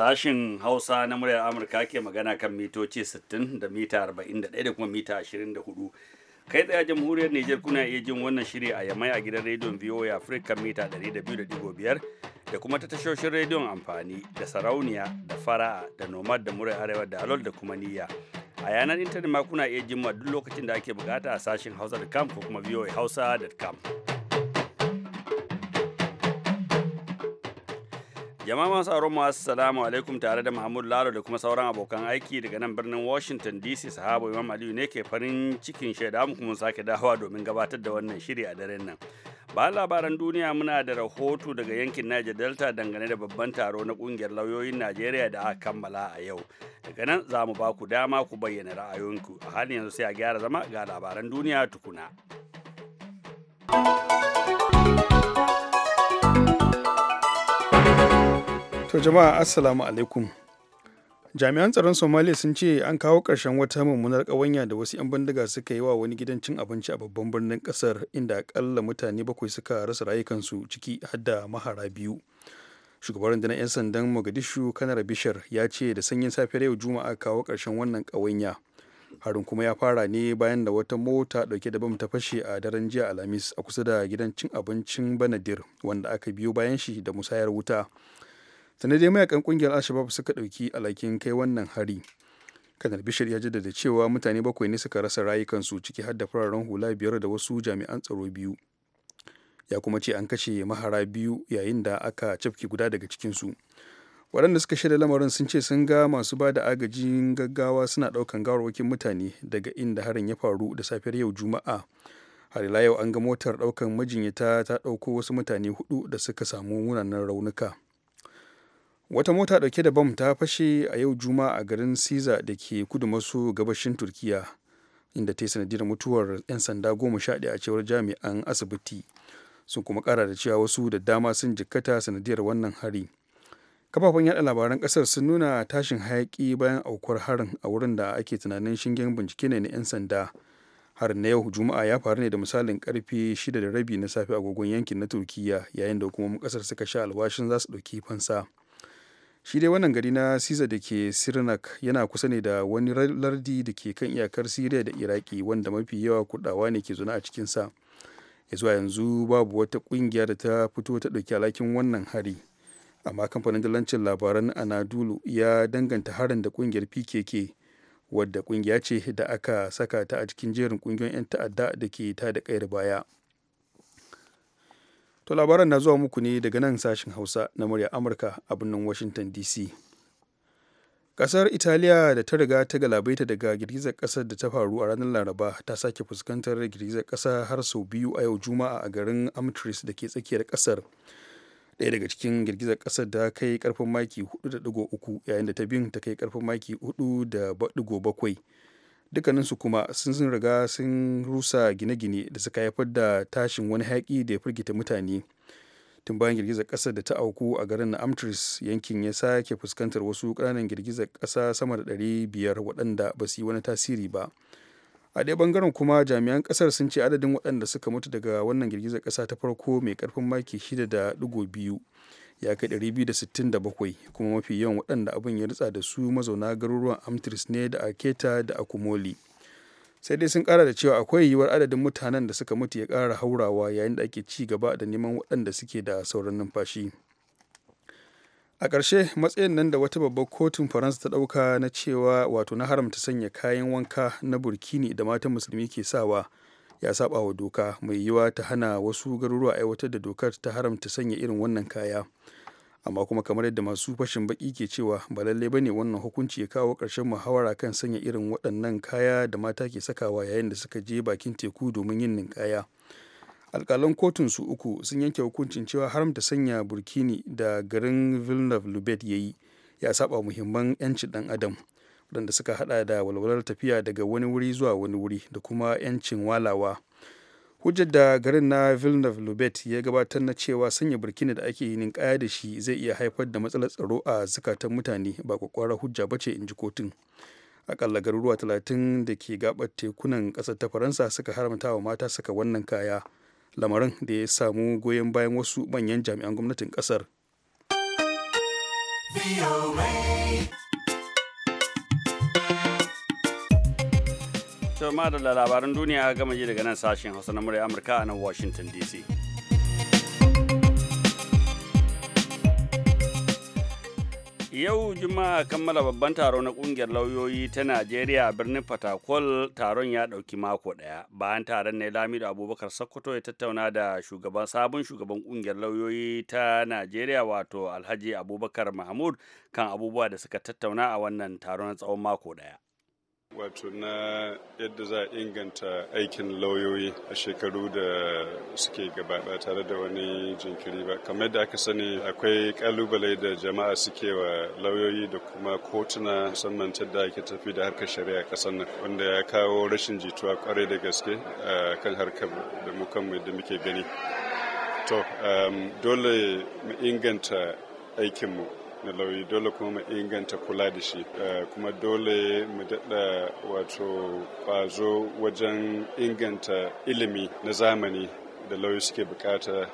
Sashin Hausa na muryar Amurka ke magana kan mitoci 60 da mita 41 da kuma mita 24. Kai tsaye jamhuriyar Nijar kuna iya jin wannan shiri a yamai a gidan rediyon VOA Africa mita 200.5 da kuma ta tashoshin rediyon amfani da sarauniya da fara'a da nomad da muryar arewa da alol da kuma niyya. A yanar intanet ma kuna iya jin duk lokacin da ake bukata a sashin hausa.com ko kuma voahausa.com. Jama'a masu aron mu assalamu alaikum tare da Muhammadu Lalo da kuma sauran abokan aiki daga nan birnin Washington DC sahabo Imam Aliyu ne ke farin cikin shaida mu kuma sake dawowa domin gabatar da wannan shiri a daren nan. Ba labaran duniya muna da rahoto daga yankin Niger Delta dangane da babban taro na kungiyar lauyoyin Najeriya da aka kammala a yau. Daga nan za mu ba ku dama ku bayyana ra'ayoyinku. A halin yanzu sai a gyara zama ga labaran duniya tukuna. To jama'a assalamu alaikum. Jami'an tsaron Somalia sun ce an kawo ƙarshen wata mummunar ƙawanya da wasu 'yan bindiga suka yi wa wani gidan cin abinci a babban birnin ƙasar inda akalla mutane bakwai suka rasa rayukansu ciki har da mahara biyu. Shugaban rundunar 'yan sandan Mogadishu Kanar Bishar ya ce da sanyin safiyar yau Juma'a kawo ƙarshen wannan ƙawanya. harin kuma ya fara ne bayan da wata mota ɗauke da bam ta fashe a daren jiya alhamis a kusa da gidan cin abincin banadir wanda aka biyo bayan shi da musayar wuta sannan dai mayakan kungiyar alshabab suka dauki alhakin kai wannan hari kanar bishir ya jaddada cewa mutane bakwai ne suka rasa rayukansu ciki har da fararen hula biyar da wasu jami'an tsaro biyu ya kuma ce an kashe mahara biyu yayin da aka cafke guda daga cikinsu waɗanda suka shaida lamarin sun ce sun ga masu ba da agajin gaggawa suna ɗaukan gawarwakin mutane daga inda harin ya faru da safiyar yau juma'a har yau an ga motar ɗaukan majinyata ta ɗauko wasu mutane hudu da suka samu munanan raunuka wata mota dauke da bam ta fashe a yau juma'a a garin siza da ke kudu maso gabashin turkiya inda ta yi sanadiyar mutuwar 'yan sanda goma sha daya a cewar jami'an asibiti sun kuma kara da cewa wasu da dama sun jikkata sanadiyar wannan hari kafafen yada labaran kasar sun nuna tashin hayaki bayan aukuwar harin a wurin da ake tunanin shingen bincike ne na 'yan sanda har na yau juma'a ya faru ne da misalin karfe 6 da rabi na safe agogon yankin na turkiya yayin da hukumomin kasar suka sha alwashin za su ɗauki fansa shi dai wannan gari na siza da ke sirnak yana kusa ne da wani lardi da ke kan iyakar siriya da iraki wanda mafi yawa kudawa ne ke zuna a cikinsa ya zuwa yanzu babu wata kungiya da ta fito ta ɗauki alakin wannan hari amma kamfanin dalancin labaran anadolu ya danganta harin da kungiyar pkk wadda kungiya ce da aka saka ta a cikin jerin kungiyoyin 'yan ta'adda da ke ta da kayar baya To labaran na zuwa muku ne daga nan sashen Hausa na murya Amurka a birnin Washington DC. Kasar Italiya da ta riga ta galabaita daga girgizar kasar da ta faru a ranar Laraba ta sake fuskantar girgizar kasa har sau biyu a yau Juma'a a garin Amtris da ke tsakiyar kasar. Ɗaya daga cikin girgizar kasar da kai karfin maki 4.3 yayin da ta biyun ta kai karfin maki 4.7 dukkaninsu kuma sun riga sun rusa gine-gine da suka haifar da tashin wani haƙi da ya firgita mutane tun bayan girgizar ƙasar da ta auku a garin na amtris yankin ya sake fuskantar wasu ƙananan girgizar ƙasa sama da biyar waɗanda ba su yi wani tasiri ba a ɗaya bangaren kuma jami'an ƙasar sun ce adadin waɗanda suka mutu daga wannan girgizar ƙasa ta farko mai ƙarfin maki 6.2 ya kai 267 kuma mafi yawan waɗanda abin ya ritsa da su mazauna garuruwan amtris ne da aketa da akumoli sai dai sun kara da cewa akwai yiwuwar adadin mutanen da suka mutu ya kara haurawa yayin da ake ci gaba da neman waɗanda suke da sauran numfashi a ƙarshe matsayin nan da wata babbar kotun faransa ta ɗauka na cewa wato na haramta sanya kayan wanka na burkini da matan musulmi ke sawa ya saba wa doka mai yiwa ta hana wasu garuruwa aiwatar da dokar ta haramta sanya irin wannan kaya amma kuma kamar yadda masu fashin baki ke cewa ba lalle ba ne wannan hukunci ya kawo ƙarshen muhawara kan sanya irin waɗannan kaya da mata ke sakawa yayin da suka je bakin teku domin yin ninkaya alƙalan kotun su uku sun yanke hukuncin cewa haramta sanya burkini da garin villeneuve lubet ya yi ya saba muhimman 'yancin ɗan adam waɗanda suka hada da walwalar tafiya daga wani wuri zuwa wani wuri da kuma 'yancin walawa hujjar da garin na villeneuve lubet ya gabatar na cewa sanya burkina da ake yin kaya da shi zai iya haifar da matsalar tsaro a zukatan mutane ba kwakwara hujja ba ce in ji kotun akalla garuruwa talatin da ke gabar tekunan ƙasar ta faransa suka haramta wa mata saka wannan kaya lamarin da ya samu goyon bayan wasu manyan jami'an gwamnatin ƙasar ta ma da labaran duniya gama ji daga nan sashen Hausa na murya Amurka a nan Washington DC. Yau Juma'a kammala babban taro na kungiyar lauyoyi ta Najeriya birnin fatakol taron ya dauki mako ɗaya. Bayan taron ne Lamido Abubakar Sokoto ya tattauna da shugaban sabon shugaban kungiyar lauyoyi ta Najeriya wato Alhaji Abubakar Mahmud kan abubuwa da suka tattauna a wannan taron na tsawon mako ɗaya. Wato na yadda za a inganta aikin lauyoyi a shekaru da suke gaba tare da wani jinkiri ba. Kamar yadda aka sani akwai kalubale da jama'a suke wa lauyoyi da kuma kotuna musamman ta da ake tafi da harkar shari'a kasan nan wanda ya kawo rashin jituwa kwarai da gaske a kan harkar da mu kanmu da muke gani. To, um, dole mu inganta aikinmu na lauyi dole kuma mu inganta kula da shi eh, kuma dole mu daɗa wato ƙwazo wajen inganta ilimi na zamani da lauyi suke bukata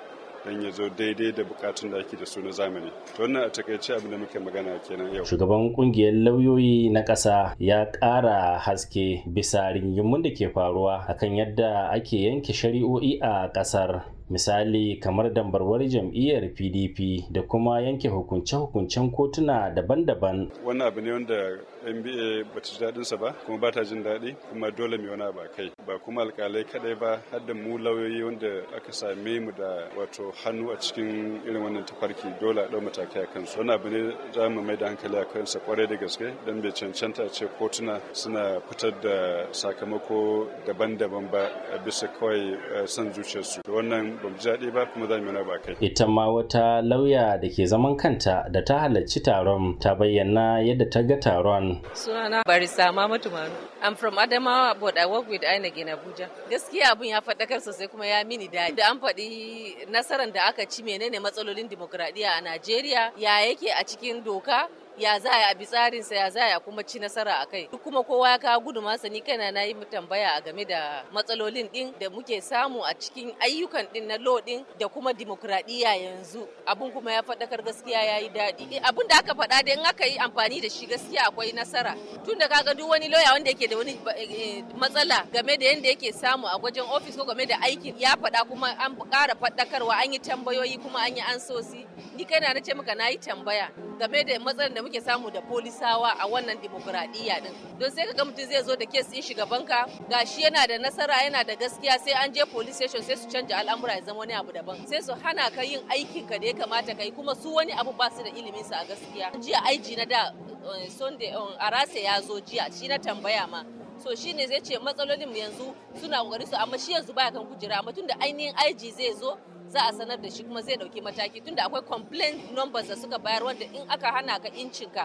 don ya zo daidai da bukatun da ake da su na zamani. To wannan a takaice abin da muke magana kenan yau. Shugaban kungiyar lauyoyi na ƙasa ya ƙara haske bisa rigingimun da ke faruwa akan yadda ake yanke shari'o'i a ƙasar. misali kamar dambarwar jam'iyyar pdp da kuma yanke hukunce-hukuncen kotuna daban-daban wani abu ne wanda nba ba ta ji daɗinsa ba kuma ba ta jin daɗi kuma dole mai wani kai ba kuma alkalai kaɗai ba har da mu lauyoyi wanda aka same mu da wato hannu a cikin irin wannan tafarki dole a ɗau matakai a kansu wani abu ne za mu mai da hankali a kansa kwarai da gaske don bai cancanta ce kotuna suna fitar da sakamako daban-daban ba a bisa kawai eh, son zuciyarsu wannan ba mu jaɗe ba kuma za mu yi bakai. Ita ma wata lauya da ke zaman kanta da ta halarci taron ta bayyana yadda ta ga taron. Sunana Barisa Mamatu Manu. I'm from Adamawa but I work with INEC in Abuja. Gaskiya abun ya faɗakar sosai kuma ya mini daɗi. Da an faɗi nasarar da aka ci menene matsalolin dimokuraɗiyya a Najeriya ya yake a cikin doka ya za a bi tsarinsa ya za a kuma ci nasara a kai duk kuma kowa ya kawo gudu masa ni kana na yi tambaya a game da matsalolin din da muke samu a cikin ayyukan din na lo din da kuma dimokuraɗiyya yanzu abun kuma ya faɗakar gaskiya ya yi daɗi eh, abun da aka faɗa da in aka yi amfani da shi gaskiya akwai nasara tun da kaga duk wani lauya wanda yake da wani eh, eh, matsala game da yanda yake samu a wajen ofis ko game da aikin ya faɗa kuma an ƙara faɗakarwa an yi tambayoyi kuma an yi ansosi ni kaina na ce maka na yi tambaya game da matsalar da muke samu da polisawa a wannan dimokuraɗiyya din don sai ka mutum zai zo da kes din ga gashi yana da nasara yana da gaskiya sai an je police station sai su canja al'amura ya zama wani abu daban sai su hana ka yin aikin ka da ya kamata kai kuma su wani abu ba su da ilimin su a gaskiya jiya aiji na da eh, sunday eh, arase ya zo jiya shi na tambaya ma so shi ne zai ce matsalolin yanzu suna kokari su amma shi yanzu baya kan kujera amma tunda ainihin aiji zai zo za a sanar da shi kuma zai dauki mataki tunda akwai complaint numbers da suka bayar wanda in aka hana ka incin ka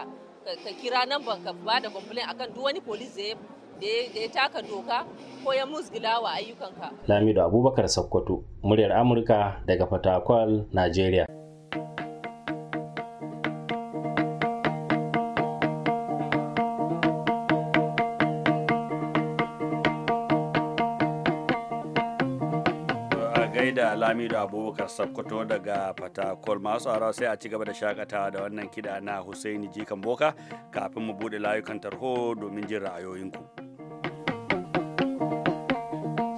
kira number ka ba da complaint akan duk wani police da ya da ya taka doka ko ya musgilawa ka. Lamido Abubakar Sokoto, muryar Amurka daga Fatakwal, nigeria. Hamidu Abubakar Sakkwato daga Fatakol masu aro sai a ci gaba da shakatawa da wannan kiɗa na Hussaini Jikan Boka kafin mu bude layukan tarho domin jin ra'ayoyinku.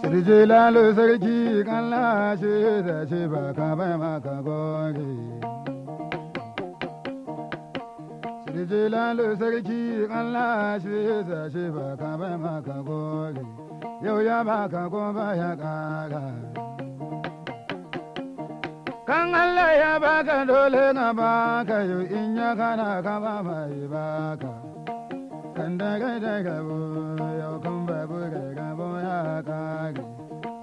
Sirji lalo sarki kan lashe da ce ba ka bai maka goge. Rije lalo sarki Allah shi sa shi ba ka bai maka gobe, yau ya baka ko ba ya kara. kan Allah ya baka dole na baka yau in ya kana kama mai baka kan da kai da gabo yau kan babu da bo ya kare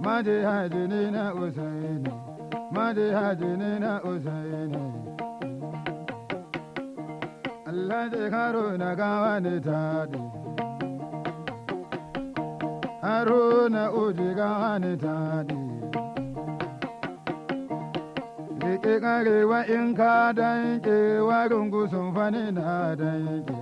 madi haji ni na usaini madi haji ni na usaini Allah da karo na gawa ne tadi Haruna uji gawa ta tadi danke karewa in ka danke warin sun fani na danke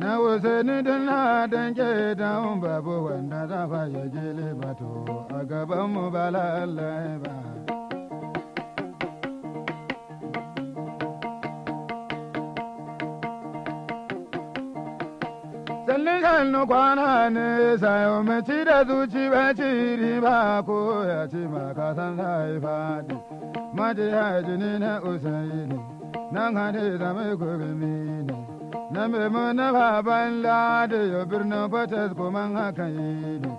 na wuse ni don na danke don babu wanda za fa ya jele bato a gaban mu ba lallai ba sannin kwana ne sayo mace da zuci ba ci ba ko ya ce maka san sai faɗi madiya jini na usaini nan hane da mai gurmi ne na memu na baban lada ya birnin fatas kuma haka yi ne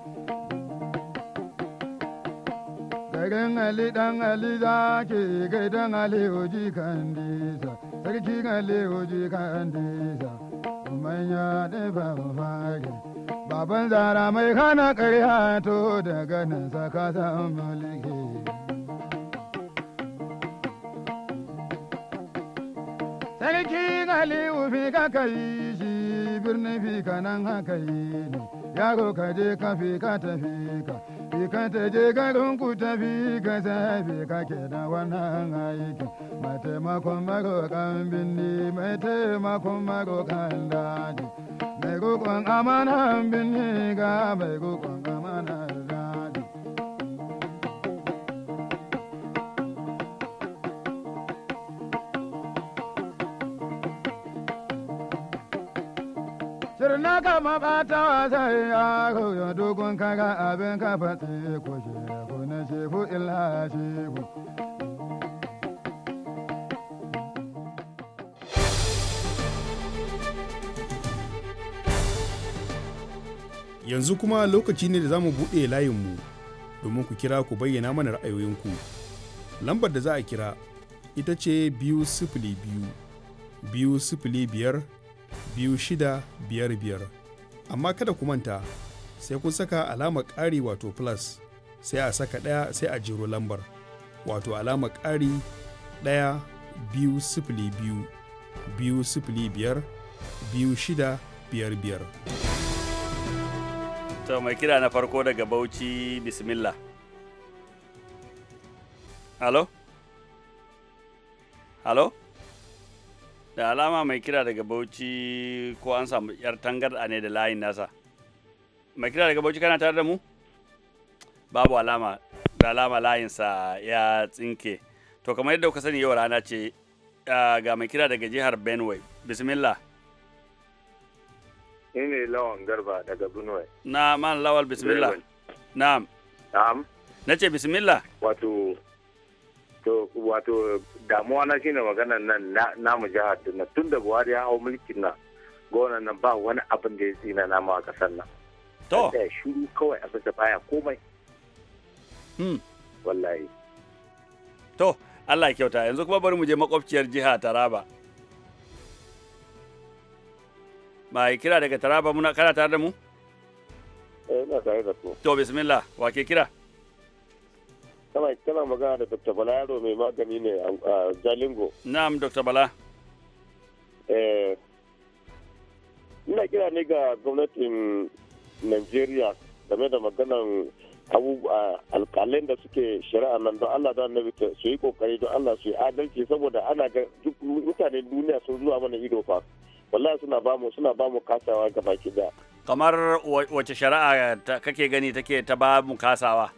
garin ali dan ali za ke gaidan ali oji kan disa sarki ali oji kan disa manya da babu fage baban zara mai hana ƙarya to daga nan saka san mulki Sarkin Aliyu fi ka kai shi birni fi ka nan haka yi ne, yaro ka je ka fi ka tafi ka, fi ka ta je garin ku tafi ka sa fi ka ke da wannan aikin. Mai taimakon kan binni, mai taimakon kan daji, mai roƙon amanan binni ga mai roƙon amanan daji. Sirna kama bata wasa ya koyo dogon kaga abin ka fatsi ko shehu na shehu ilha shehu. Yanzu kuma lokaci ne da zamu mu buɗe layinmu domin ku kira ku bayyana mana ra'ayoyinku. Lambar da za a kira ita ce biyu sifili biyu, biyu sifili biyar 2655 amma kada ku manta sai kun saka alama ƙari wato plus sai a saka ɗaya sai a jiro lambar wato alama ƙari ɗaya biyu sifili biyu biyu sifili biyar biyu shida biyar biyar. To mai kira na farko daga Bauchi bismillah. Halo? Halo? da alama mai kira daga bauchi ko an samu yar tangarda ne da layin nasa mai kira daga bauchi kana tare da mu babu alama da alama layinsa ya tsinke to kamar yadda kuka sani yau rana ce ga mai kira daga jihar benue bismillah ni ne lawan garba daga benue na man lawal bismillah na'am na ce bismillah wato to wato damuwa na shine maganar nan na namu jihar tunda tun da Buhari ya hau mulkin nan gona nan ba wani abin da ya tsina namu a kasar nan to da shiru kawai a da baya komai hmm wallahi to Allah kyauta yanzu kuma bari mu je makwabciyar jiha Taraba mai kira daga Taraba muna kana tare da mu eh ina tare da ku to bismillah wa ke kira kana kana magana da Dr. Bala yaro mai magani ne a Jalingo. Na'am Dr. Bala. Eh ina kira ne ga gwamnatin nigeria game da maganan abubuwa alkalin da suke shari'a nan don Allah don annabi su yi kokari don Allah su yi adalci saboda ana ga mutanen duniya sun zuwa mana ido fa wallahi suna bamu suna mu kasawa gabaki da. kamar wace shari'a kake gani take ta bamu kasawa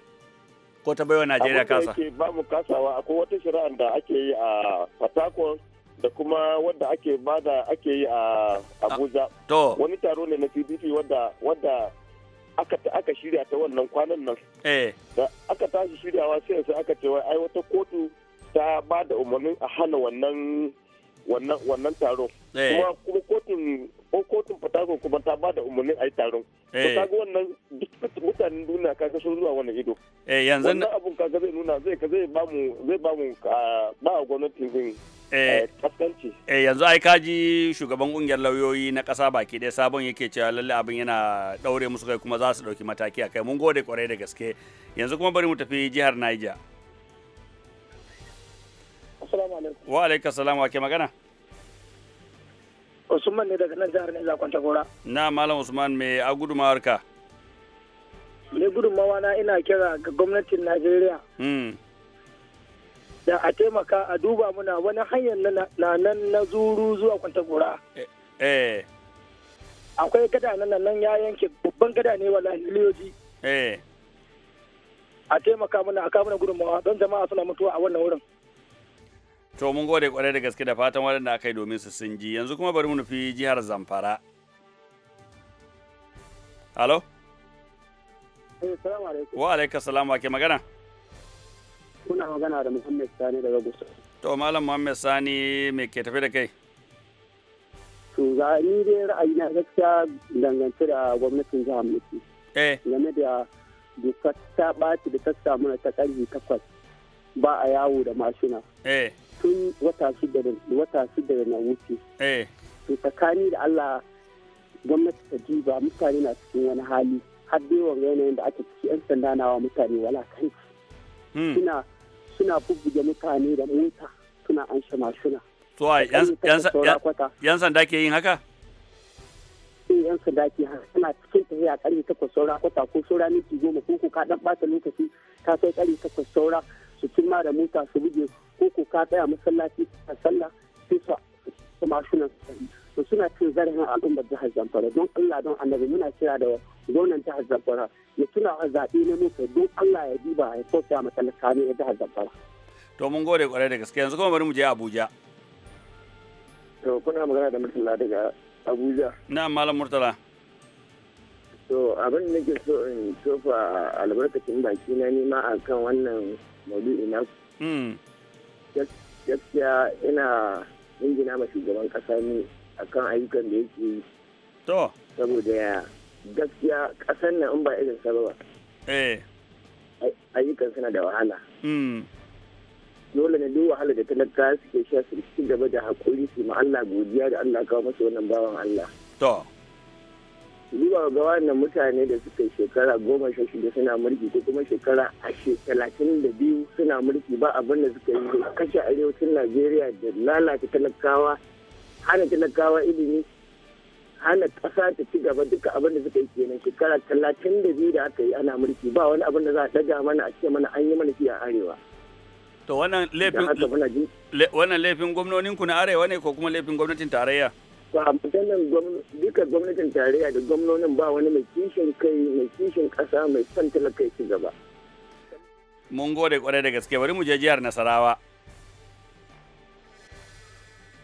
ko ta baiwa Najeriya kasa yake ba mu kasawa akwai wata shari'a da ake yi a Fatakon da kuma wadda ake bada ake yi a Abuja to wani taro ne na CDC wadda wadda aka aka shirya ta wannan kwanan nan eh da aka tashi shiryawa sai sai aka ce wai ai wata kotu ta ba da umarnin a hana wannan wannan taron eh. kuma kuma kotun ko kotun fatago kuma ta ba da umarnin a yi taron ta eh. ga wannan mutanen duniya ka kashe zuwa wannan ido eh yanzu wannan abun ka zai nuna zai zai ba mu zai ba mu ah, ba gwamnatin din eh, kaskanci eh yanzu ai kaji shugaban kungiyar lauyoyi na kasa baki dai sabon yake cewa lalle abin yana daure musu kai kuma za su dauki mataki a kai mun gode kwarai da gaske yanzu kuma bari mu tafi jihar Niger assalamu alaikum wa alaikum salam wa ke magana Usman ne daga nan jihar Niger Kwanta Gora na malam Usman me a gudumawar ka me gudumawa na ina kira ga gwamnatin Najeriya hmm. da a taimaka a duba muna wani hanyar na nan na zuru zuwa kwanta gora. Eh, eh. Akwai gada nan nan ya yanke babban gada ne wa lahiliyoji. Eh. A taimaka muna a kamuna gudunmawa don jama'a suna mutuwa a wannan wurin. To mun gode kwarai da gaske da fatan waɗanda aka yi domin su sun ji yanzu kuma bari mu nufi jihar Zamfara. Halo? Eh, wa alaika salam ke magana? Kuna magana da Muhammad Sani daga Gusa. To Malam Muhammad Sani me ke tafi da kai? To ga ni dai ra'ayi na gaskiya dangance da gwamnatin jihar Mutu. Eh. Game da dokar ta ɓaci da ta samu ta ƙarfi takwas ba a yawo da mashina. Eh. tun wata shida wata shida na wuce eh. to tsakani da Allah gwamnati ta duba mutane na cikin wani hali har da yawan yanayin da ake ciki yan sanda na wa mutane walakanci hmm. suna suna bubbuge mutane da mota suna an shama shuna to yan sanda ke yin haka sai eh, yan sanda ke suna cikin tafiya karfe takwas saura kwata ko saura minti goma ko ka dan bata lokaci ka sai karfe takwas saura su cimma da mota su buge su ko ko ka tsaya masallaci a sallah sai su mashunan su suna cin zarafin al'ummar jihar zamfara don allah don annabi muna kira da gwamnan jihar zamfara ya tuna zaɓe na nufa don allah ya diba ya kauta ma talaka ne a jihar zamfara. to mun gode kwarai da gaske yanzu kuma bari mu je abuja. to kuna magana da murtala daga abuja. na malam murtala. to abin da nake so in tofa albarkacin baki na nema a kan wannan maudu'i na. gaskiya ina injina ma shugaban kasa ne akan ayyukan da yake yi to saboda gaskiya kasan nan in ba irin sa ba eh ayyukan suna da wahala hmm. dole ne duk wahala da talaka suke sha su ci gaba da hakuri su ma Allah godiya da Allah kawo masa wannan bawan Allah duba ga wannan mutane da suka shekara goma sha shida suna mulki ko kuma shekara ashe talatin da biyu suna mulki ba abin da suka yi kashe arewacin najeriya da lalata talakawa hana talakawa ilimi hana ƙasa ta ci gaba duka abin da suka yi kenan shekara talatin da biyu da aka yi ana mulki ba wani abin da za a ɗaga mana a ce mana an yi mana a arewa. to wannan laifin gwamnoninku na arewa ne ko kuma laifin gwamnatin tarayya. ba maganan duka gwamnatin tarayya da gwamnonin ba wani mai kishin kai mai kishin kasa mai son talakai ci gaba. Mun gode kwarai da gaske bari mu je jihar Nasarawa.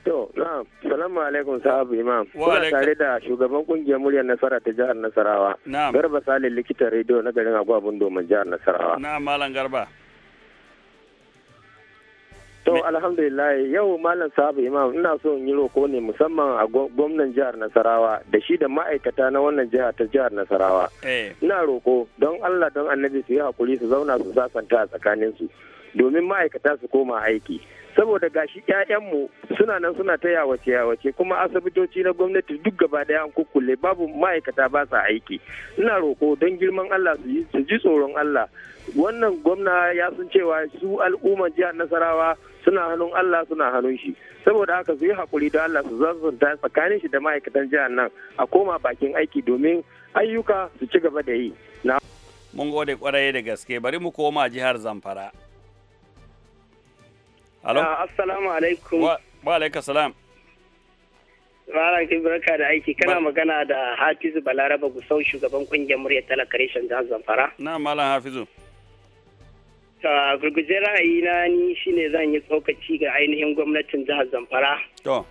To, na, salamu alaikum sahabu imam. alaikum. tare da shugaban kungiyar muryar nasara ta jihar Nasarawa. Garba Salin likitan rediyo na garin Agwabun Domin jihar Nasarawa. Na, Malam Garba. To alhamdulillah yau Malam Sabu Imam ina so in yi roko ne musamman a gwamnan jihar Nasarawa da shi da ma'aikata na wannan jiha ta jihar Nasarawa. Eh. Ina roko don Allah don Annabi su yi hakuri su zauna su sasanta a tsakanin su domin ma'aikata su koma aiki. Saboda gashi mu suna nan suna ta yawace yawace kuma asibitoci na gwamnati duk gaba daya an kukkule babu ma'aikata ba sa aiki. Ina roko don girman Allah su ji tsoron Allah. Wannan gwamna ya sun cewa su al'umma jihar Nasarawa suna hannun Allah suna hannun shi saboda haka su yi hakuri da Allah su zazzunta tsakanin shi da ma'aikatan jihar nan a koma bakin aiki domin ayyuka su ci gaba da yi mun gode kwarai da gaske bari mu koma jihar Zamfara Alo? Ah, assalamu alaikum. Wa alaikum salam. Malam barka da aiki kana magana da Hafizu Balaraba Gusau shugaban kungiyar murya talakarishin jihar Zamfara. Na Malam Hafizu. a gurguje ra'ayina ni shine zan yi tsokaci ga ainihin gwamnatin jihar zamfara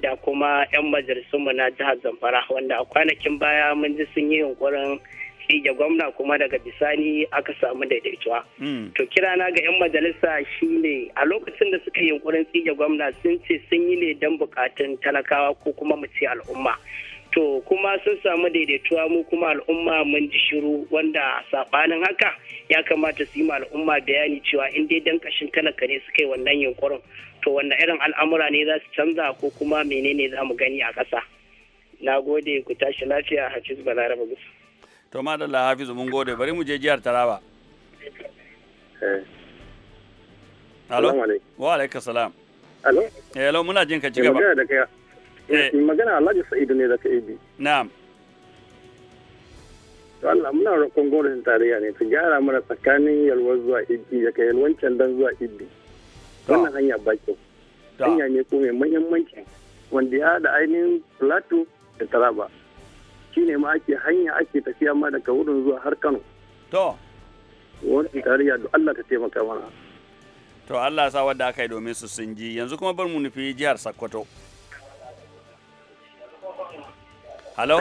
da kuma 'yan majalisunmu na jihar zamfara wanda a kwanakin baya mun ji sun yi yunkurin tsige gwamna kuma daga bisani aka samu daidaituwa hmm. to kirana ga 'yan majalisa shine a lokacin da suka yi yunkurin tsige gwamna sun ce sun yi ne don bukatun talakawa ko kuma mu ce al'umma to kuma sun samu daidaituwa mu kuma al'umma mun ji shiru wanda sabanin haka ya kamata su yi ma al'umma bayani cewa in dai dan kashin talaka ne suka yi wannan yunkurin to wanda irin al'amura ne za su canza ko kuma menene za mu gani a ƙasa na gode ku tashi lafiya hafiz balaraba gusu to madalla hafiz mun gode bari mu je jihar taraba eh. Alo? Wa salam. Alo? Eh, alo muna jin ka ci gaba. Eh. Eh, magana Alhaji Sa'idu ne daga Ibi. Na'am. To Allah muna roƙon gwamnatin tarayya ne ta gyara mana tsakanin yalwar zuwa Ibi daga yalwancan dan zuwa Ibi. Wannan hanya ba kyau. Hanya ne ko mai muhimmanci wanda ya da ainihin Plateau da Taraba. Shi ne ma ake hanya ake tafiya ma daga wurin zuwa har Kano. To. Gwamnatin tarayya da Allah ta taimaka mana. To Allah sa wadda aka yi domin su sun ji yanzu kuma bar mu nufi jihar Sokoto. Hello.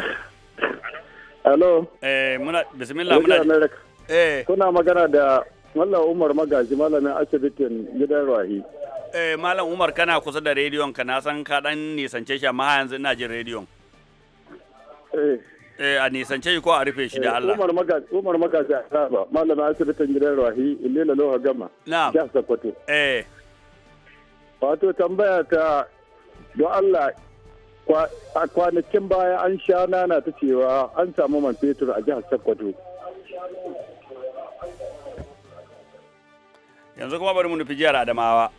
Hello. Eh, muna, bismillah muna. Eh. Kuna magana da Mallam Umar Magaji malamin asibitin gidan Rahi. Eh, Malam Umar kana kusa da rediyon ka na san ka dan nisance shi amma yanzu ina jin rediyon. Eh. Eh, a nisance shi ko a rufe shi da eh, Allah. Umar Magaji, Umar Magaji Asaba, malamin asibitin gidan Rahi, Ilela Loha Gama. Na'am. Jihar Sokoto. Eh. Wato tambaya ta don Allah a kwanakin baya an sha nana ta cewa an samu man fetur a jihar sokoto yanzu kuma bari mu nufi jihar adamawa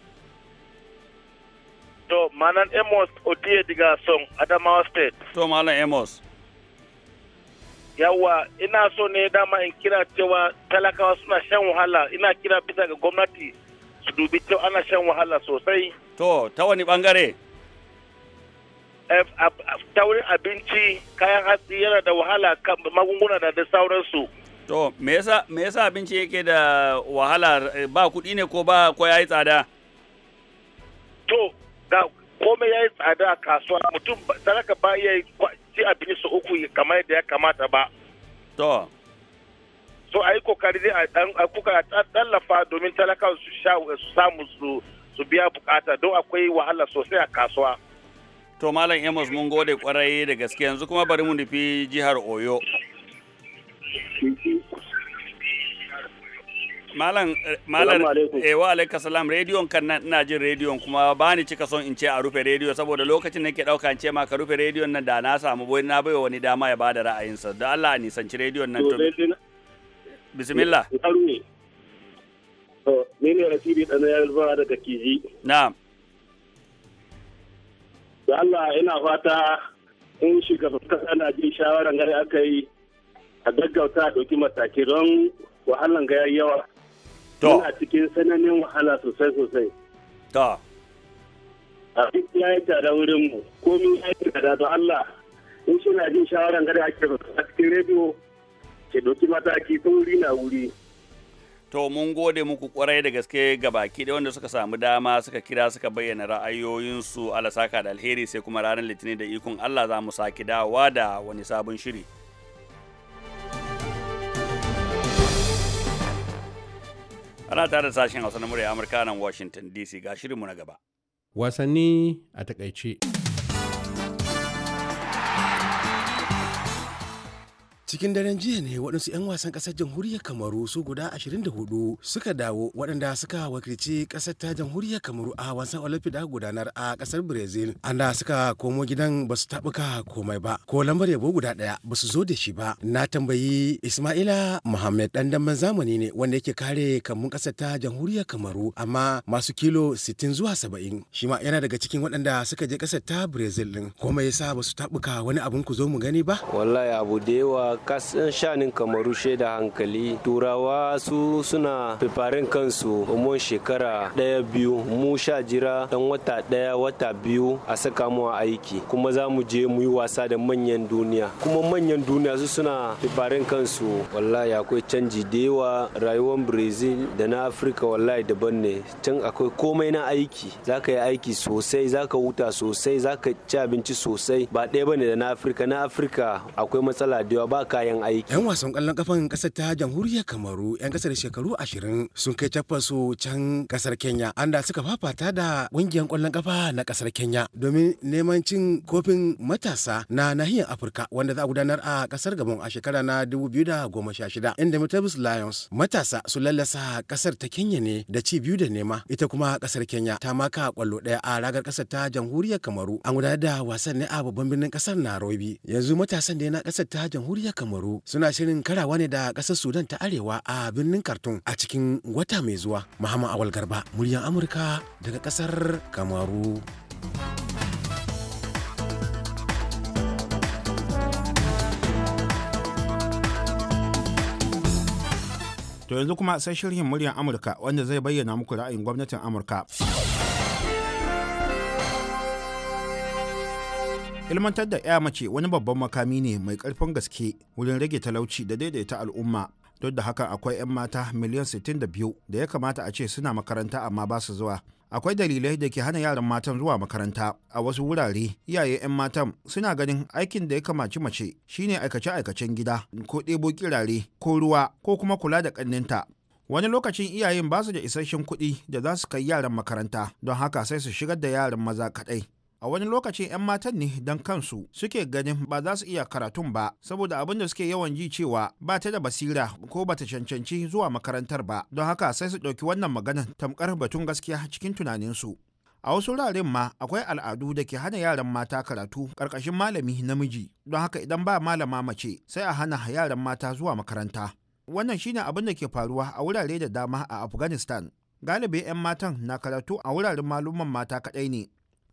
to manan amos otiye diga son adamawa state to manan amos yawa ina so ne dama in kira cewa talakawa suna shan wahala ina kira bisa ga gwamnati su dubi cewa ana shan wahala sosai to ta wani bangare taurin abinci kayan hatsi yana da wahala magunguna da sauransu to me yasa me yasa abinci yake da wahala ba kuɗi ne ko ba ko ya yi tsada to ga komai ya yi tsada a kasuwa mutum talaka ba yi ci abinci su uku kamar yadda ya kamata ba to so a yi kokari ne a kuka tallafa domin talakawa su samu su biya bukata don akwai wahala sosai a kasuwa To Malam Amos mun gode kwarai da gaske yanzu kuma bari mu nufi jihar Oyo. Malam eh, Malam eh wa alaikar salam rediyon kan nan ina jin rediyon kuma ba ni cika son in ce a rufe rediyo saboda lokacin nake dauka in ce ma ka rufe rediyon nan da na samu boye na baiwa wani dama ya bada ra'ayinsa da Allah a nisanci rediyon nan to Bismillah. ne ne daga Kiji. Na'am. da Allah ina fata in shugaban kasa na jin shawaran gari aka yi a gaggauta a ɗauki mataki don wahalan ga yawa. To. cikin sananin wahala sosai sosai. a Abin ya yi tare wurin mu komi ya yi tare da Allah in shi na jin shawaran gari ake a cikin rediyo ke ɗauki mataki ta wuri na wuri. To mun gode muku kwarai da gaske ga baki da wanda suka samu dama suka kira suka bayyana ra'ayoyinsu ala saka da alheri sai kuma ranar litinin da ikon Allah za mu saki dawa da wani sabon shiri. Ana tare da sashen Hausa na murya Amurka nan Washington DC ga shirinmu na gaba. Wasanni a takaice. cikin daren jiya ne waɗansu 'yan wasan ƙasar jamhuriyar kamaru su guda 24 suka dawo waɗanda suka wakilci ƙasar ta jamhuriyar kamaru a wasan olympic da gudanar a ƙasar brazil anda suka komo gidan ba su taɓuka komai ba ko lambar yabo guda ɗaya ba su zo da shi ba na tambayi ismaila muhammed ɗan damban zamani ne wanda yake kare kamun ƙasar ta jamhuriyar kamaru amma masu kilo 60 zuwa 70 shi ma yana daga cikin waɗanda suka je ƙasar ta brazil ɗin komai yasa ba su taɓuka wani abun ku zo mu gani ba wallahi abu da yawa kasan shanin kamaru shaida hankali turawa su suna fifarin kansu umar shekara daya biyu mu sha jira dan wata daya wata biyu a saka mu a aiki kuma za mu je mu yi wasa da manyan duniya kuma manyan duniya su suna fifarin kansu wallahi akwai canji da yawa rayuwar brazil da na afirka wallahi daban ne can akwai komai na aiki za ka yi aiki sosai za ka huta sosai za ka ci abinci sosai ba ɗaya bane da na afirka na afirka akwai matsala da yawa ba kayan aiki. 'Yan wasan kwallon kafan kasar ta jamhuriyar Kamaru 'yan kasar shekaru ashirin sun kai su can ƙasar Kenya an da suka fafata da ƙungiyar kwallon kafa na kasar Kenya domin neman cin kofin matasa na nahiyar Afirka wanda za a gudanar a kasar Gabon a shekara na 2016 inda Mutabus Lions matasa su lallasa ƙasar ta Kenya ne da ci biyu da nema ita kuma kasar Kenya ta maka kwallo ɗaya a ragar ƙasar ta jamhuriyar Kamaru an gudanar da wasan ne a babban birnin kasar Nairobi yanzu matasan da na ƙasar ta jamhuriyar kamaru suna shirin karawa ne da ƙasar sudan ta arewa a birnin karton a cikin wata mai zuwa muhammad awal garba muryar amurka daga ƙasar kamaru To yanzu kuma sai shirin muryar Amurka wanda zai bayyana muku ra'ayin gwamnatin Amurka. ilmantar da 'ya mace wani babban makami ne mai karfin gaske wurin rage talauci da daidaita al'umma duk da haka akwai 'yan mata miliyan 62 da ya kamata a ce suna makaranta amma ba su zuwa akwai dalilai da ke hana yaran matan zuwa makaranta a wasu wurare iyaye 'yan matan suna ganin aikin da ya kamaci mace shine aikace-aikacen gida ko ɗebo kirare ko ruwa ko kuma kula da ƙanninta wani lokacin iyayen ba su da isasshen kuɗi da za su kai yaran makaranta don haka sai su shigar da yaran maza kaɗai a wani lokaci 'yan matan ne don kansu suke ganin ba za su iya karatun ba saboda abin da suke yawan ji cewa ba ta da basira ko ba ta cancanci zuwa makarantar ba don haka sai su ɗauki wannan maganar tamkar batun gaskiya cikin tunaninsu a wasu wuraren ma akwai al'adu da ke hana yaran mata karatu ƙarƙashin malami namiji don haka idan ba malama mace sai a hana yaran mata zuwa makaranta wannan shine abin da ke faruwa a wurare da dama a afghanistan galibi 'yan matan na karatu a wuraren maluman mata kaɗai ne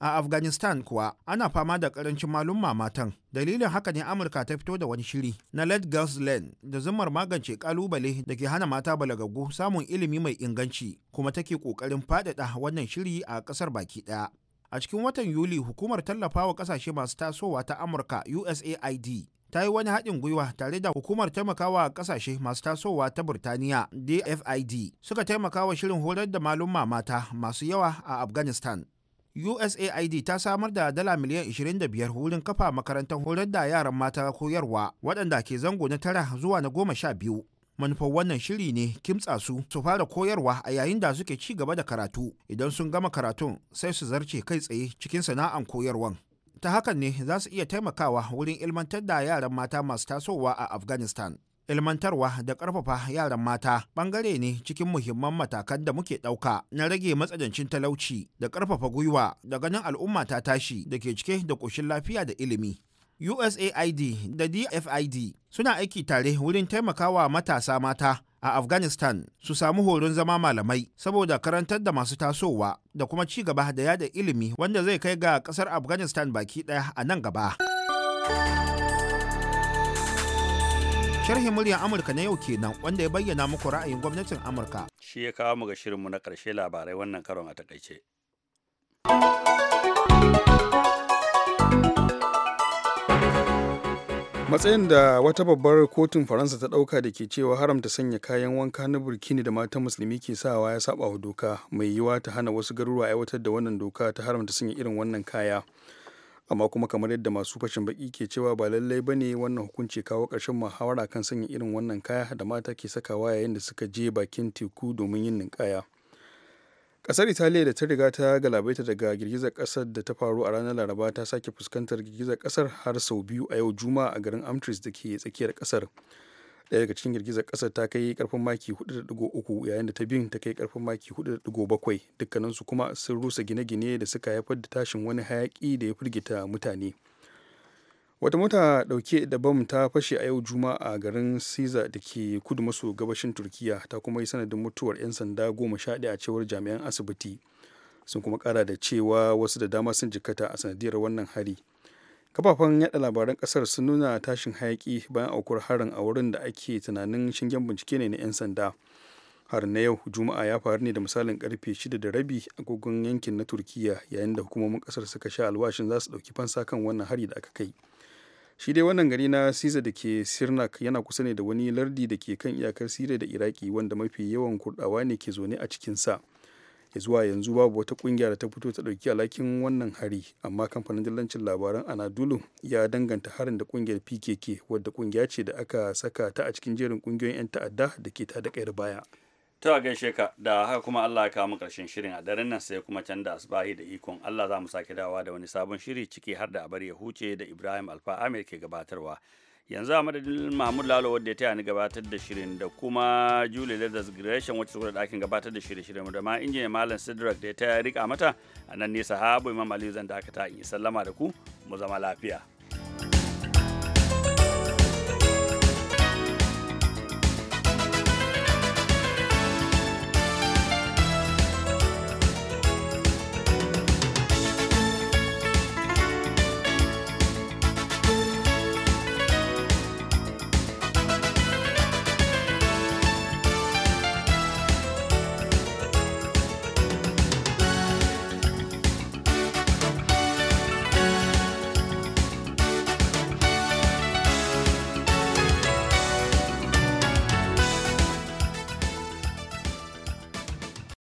A Afghanistan kuwa ana fama da karancin malumma matan. Dalilin haka ne Amurka ta fito da wani shiri na Let Girls Learn da zumar magance kalubale da ke hana mata balagaggu samun ilimi mai inganci kuma take kokarin faɗaɗa wannan shiri a ƙasar baki ɗaya. A cikin watan Yuli hukumar tallafawa ƙasashe masu tasowa ta Amurka USAID ta yi wani haɗin gwiwa tare da hukumar taimakawa ƙasashe masu tasowa ta Burtaniya DFID suka taimakawa shirin horar da malumma mata masu yawa a Afghanistan. USAID ta samar da dala miliyan 25 wurin kafa makarantar horar da yaran mata koyarwa waɗanda ke zango na tara zuwa na goma sha biyu. Manufar wannan shiri ne kimtsa su su fara koyarwa a yayin da suke ci gaba da karatu idan sun gama karatun sai su zarce kai tsaye cikin sana'an koyarwan. Ta hakan ne za su iya taimakawa wurin ilmantar da yaran mata masu tasowa a Afghanistan. ilmantarwa da ƙarfafa yaran mata ɓangare ne cikin muhimman matakan da muke ɗauka na rage matsanancin talauci da ƙarfafa gwiwa da ganin al'umma ta tashi da ke cike da ƙoshin lafiya da ilimi. USAID da DFID suna aiki tare wurin taimakawa matasa mata a Afghanistan su samu horon zama malamai saboda karantar da masu tasowa da kuma ci gaba da yada ilimi wanda zai kai ga ƙasar Afghanistan baki ɗaya a nan gaba. Sharhin muryar Amurka na yau kenan wanda ya bayyana muku ra'ayin gwamnatin Amurka. Shi ya kawo mu ga shirinmu na ƙarshe labarai wannan karon a takaice. matsayin da wata babbar kotun faransa ta ɗauka da ke cewa haramta sanya kayan wanka na burkini da matan musulmi ke sawa ya saba wa doka mai yiwa ta hana wasu garuruwa aiwatar da wannan doka ta haramta sanya irin wannan kaya amma kuma kamar yadda masu fashin baki ke cewa ba lallai bane wannan hukunci kawo ƙarshen muhawara kan sanya irin wannan kaya da mata ke sakawa yayin da suka je bakin teku domin yin ninkaya ƙasar italiya da ta riga ta galabaita daga girgizar ƙasar da ta faru a ranar laraba ta sake fuskantar girgizar ƙasar har sau biyu a yau juma'a a garin amtris da ke tsakiyar ƙasar daya daga cikin girgizar kasar ta kai karfin maki 4.3 yayin da ta biyun ta kai karfin maki 4.7 dukkaninsu kuma sun rusa gine-gine da suka haifar da tashin wani hayaki da ya firgita mutane wata mota dauke da bam ta fashe a yau juma'a a garin siza da ke kudu maso gabashin turkiya ta kuma yi sanadin mutuwar 'yan sanda goma sha a cewar jami'an asibiti sun kuma kara da cewa wasu da dama sun jikkata a sanadiyar wannan hari kafafen yada labaran kasar sun nuna tashin hayaki bayan aukuwar harin a wurin da ake tunanin shingen bincike ne na 'yan sanda har na yau juma'a ya faru ne da misalin karfe 6 da rabi agogon yankin na turkiya yayin da hukumomin kasar suka sha alwashin za su dauki fansa kan wannan hari da aka kai shi dai wannan gari na siza da ke sirnak yana kusa ne da wani lardi da ke kan iyakar siriya da iraki wanda mafi yawan kurdawa ne ke zaune a cikinsa zuwa yanzu babu wata kungiya da ta fito ta dauki alhakin wannan hari amma kamfanin dillancin labaran anadolu ya danganta harin da kungiyar pkk wadda kungiya ce da aka saka ta a cikin jerin kungiyoyin 'yan ta'adda da ke ta da kayar baya ta gaishe ka da haka kuma Allah ya kawo mu karshen shirin a daren nan sai kuma can da da ikon Allah za mu sake dawa da wani sabon shiri ciki har da abar bari ya huce da Ibrahim Alfa Amir ke gabatarwa yanzu a madadin mahmud lalo wadda ya taya ni gabatar da shirin da kuma julie leathers gresham wacce suka ɗakin gabatar da shirye-shiryen da ma injiniya malam sidrak da ya taya rika mata a nan nesa habu imam aliyu zan dakata in yi sallama da ku mu zama lafiya